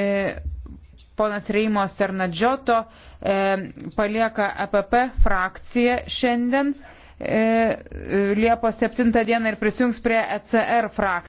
e, ponas Reimo Sernadžioto e, palieka APP e frakciją šiandien e, Liepos 7 dieną ir prisijungs prie ECR frakcijos.